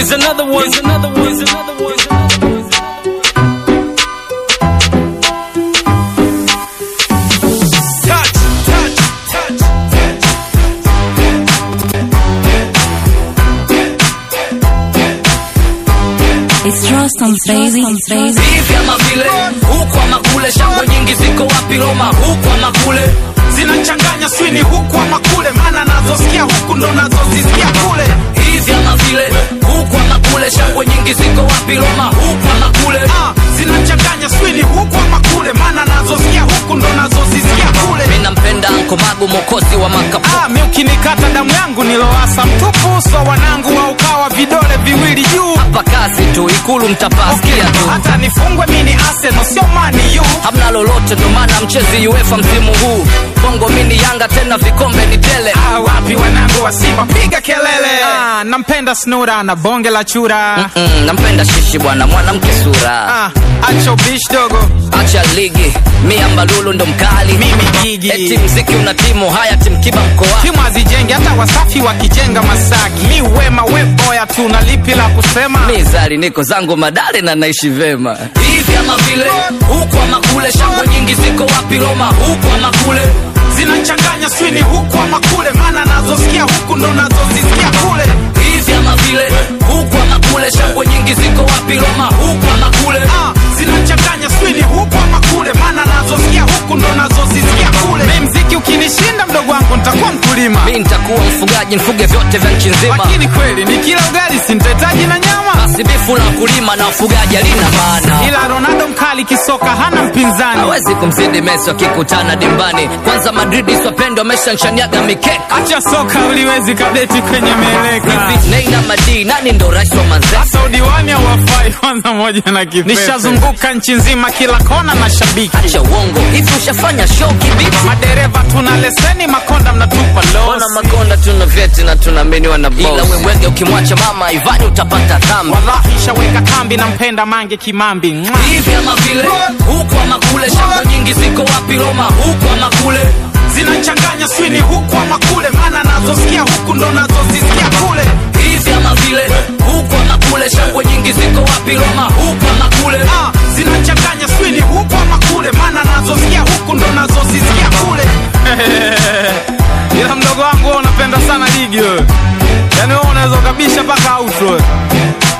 Here's another one. Here's another one. Here's another one. Here's another one. It's trust shangwe nyingi ziko wapi Roma, Zinachanganya swini nazosikia huku ndo nazozisikia nyingi ziko wapi Roma huku ama kule ah, zinachanganya swini huku ama kule maana nazosikia huku ndo nazozisikia kule mi nkomagu mokozi wa makapu ah, ukinikata damu yangu niloasa mtupu so wanangu ukawa vidole viwili juu hapa kazi tu ikulu mtapaskia okay. tu hata nifungwe mini aseno sio wote, ndo maana mchezi UEFA msimu huu bongo mini Yanga tena vikombe ni tele. Ah, wapi wanangu wa Simba piga kelele. Ah, nampenda Snura na bonge la chura. Mm -mm, nampenda shishi bwana mwanamke sura. Ah acha ubishi dogo, acha ligi, mi ambalulu ndo mkali, mimi gigi, eti eh, mziki una timu, haya kiba mkoa, timu hazijengi hata wasafi wakijenga Masaki, mi wema we boya tu, na lipi la kusema? Mi zari niko zangu madale na naishi vema, hivi ama vile, huku ama kule, shangwe nyingi ziko wapi Roma, huku ama kule zinachanganya swini huku ama kule, maana nazosikia huku ndo nazozisikia kule, hivi ama vile, huku ama mfugaji nfuge vyote vya nchi nzima, lakini kweli ni kila ugali sintaitaji na nyama. Basi bifu la kulima na mfugaji alina maana, ila Ronaldo mkali kisoka hana mpinzani, hawezi kumzidi Messi wakikutana dimbani. Kwanza Madrid swapendo ameshanshaniaga mikeka, acha soka uliwezi kadeti kwenye meleka Neina Madi nani ndo rais wa manze Saudi wamia wafai kwanza moja na kipepe, nishazunguka nchi nzima kila kona na shabiki. Acha uongo hivi, ushafanya show kibichi? Madereva tuna leseni, makonda mnatupa losi tuna vyeti na tuna mini wana boss, ila wewege ukimwacha mama Ivani utapata dhambi. Wallahi shaweka kambi na mpenda Mange Kimambi hivi ama vile, huku ama kule, shamba nyingi ziko wapi Roma, huku ama kule zinachanganya swini huku ama kule, maana nazosikia huku ndo nazozisikia kule upige wewe. Yaani wewe unaweza ukabisha paka house wewe.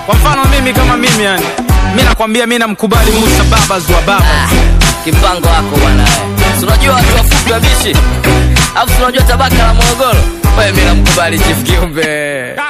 Kwa mfano mimi kama mimi yani, mimi nakwambia mimi namkubali Musa baba zwa baba. Ah, kipango wako bwana wewe. Unajua watu wafupi wabishi. Alafu unajua tabaka la Morogoro. Wewe mimi namkubali Chief Kiumbe. Ah,